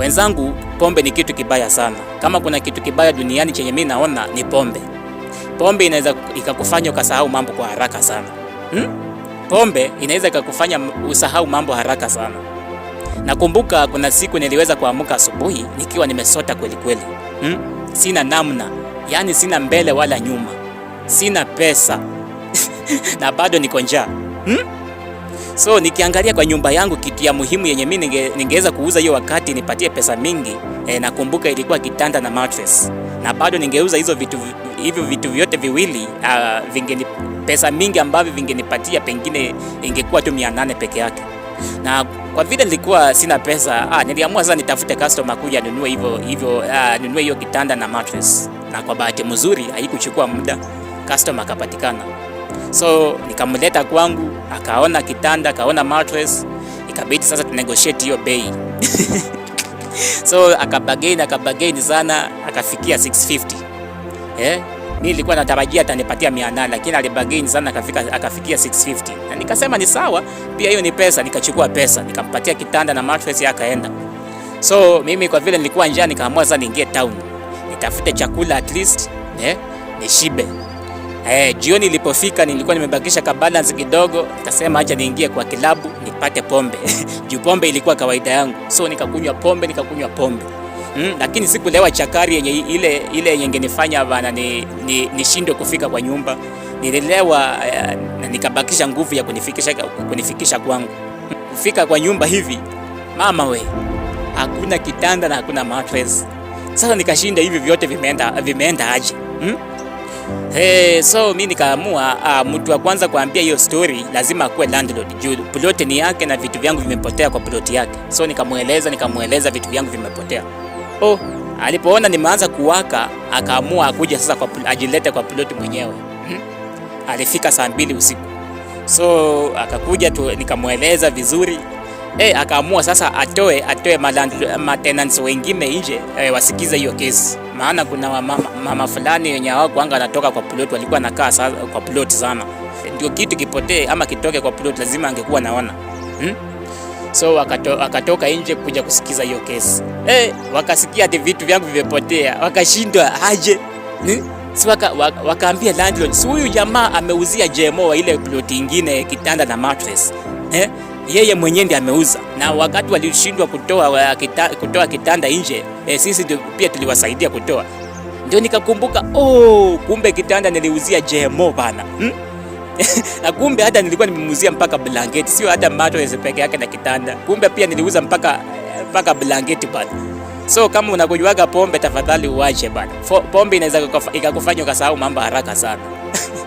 Wenzangu, pombe ni kitu kibaya sana. Kama kuna kitu kibaya duniani chenye mimi naona ni pombe. Pombe inaweza ikakufanya ukasahau mambo kwa haraka sana hmm? Pombe inaweza ikakufanya usahau mambo haraka sana. Nakumbuka kuna siku niliweza kuamka asubuhi nikiwa nimesota kweli kweli. Hmm? Sina namna, yaani sina mbele wala nyuma, sina pesa na bado niko njaa hmm? So nikiangalia kwa nyumba yangu, kitu ya muhimu yenye mimi ninge, ningeweza kuuza hiyo wakati nipatie pesa mingi e, nakumbuka ilikuwa kitanda na mattress, na bado ningeuza hizo vitu hivyo vitu vyote viwili uh, vingeni pesa mingi ambavyo vingenipatia pengine ingekuwa tu 800 peke yake, na kwa vile nilikuwa sina pesa ah, niliamua sasa nitafute customer kuja anunue hivyo hivyo anunue ah, hiyo kitanda na mattress, na kwa bahati mzuri haikuchukua muda customer akapatikana. So nikamleta kwangu, akaona kitanda, akaona mattress, ikabidi sasa tunegotiate hiyo bei so akabagain, akabagain sana, akafikia 650 eh. Mimi nilikuwa natarajia atanipatia 800 lakini alibagain sana akafika, akafikia 650 na nikasema ni sawa, pia hiyo ni pesa. Nikachukua pesa nikampatia kitanda na mattress, akaenda. So mimi kwa vile nilikuwa njaa, nikaamua sasa niingie town nitafute chakula at least eh, nishibe. Eh, jioni ilipofika nilikuwa nimebakisha ka balance kidogo, nikasema acha niingie kwa kilabu nipate pombe juu pombe ilikuwa kawaida yangu, so nikakunywa pombe nikakunywa pombe mm, lakini sikulewa chakari yenye ile ile yenye nifanya bana ni, ni, nishindwe kufika kwa nyumba. Nililewa na eh, nikabakisha nguvu ya kunifikisha kunifikisha kwangu. Kufika kwa nyumba hivi, mama we, hakuna kitanda na hakuna mattress. Sasa nikashinda hivi vyote vimeenda vimeenda aje? Mm? Hey, eh, so mi nikaamua uh, mtu wa kwanza kuambia hiyo story lazima akuwe landlord juu ploti ni yake na vitu vyangu vimepotea kwa ploti yake. So nikamweleza nikamweleza vitu vyangu vimepotea. Oh, alipoona nimeanza kuwaka akaamua akuja sasa kwa ajilete kwa ploti mwenyewe. Hmm? Alifika saa mbili usiku. So akakuja tu nikamweleza vizuri eh, akaamua sasa atoe atoe matenants wengine nje eh, wasikize hiyo kesi, maana kuna mama, mama fulani wenye hawakuanga anatoka kwa plot, walikuwa nakaa sasa kwa plot sana. Ndio kitu kipotee ama kitoke kwa plot, lazima angekuwa naona hmm? So akato, akatoka nje kuja kusikiza hiyo kesi eh, wakasikia ati vitu vyangu vimepotea, wakashindwa aje hmm? Si waka, waka, wakaambia landlord, si huyu jamaa ameuzia JMO wa ile plot ingine kitanda na mattress eh? yeye mwenyewe ndiye ameuza, na wakati walishindwa kutoa, uh, kita, kutoa kitanda nje e, sisi pia tuliwasaidia kutoa. Ndio nikakumbuka oh, kumbe kitanda niliuzia JMO bana hmm? na kumbe hata nilikuwa nimemuzia mpaka blanketi, sio hata mattress peke yake na kitanda, kumbe pia niliuza mpaka mpaka blanketi bana. So kama unakujuaga pombe, tafadhali uache bana. Pombe inaweza ikakufanya ukasahau mambo haraka sana.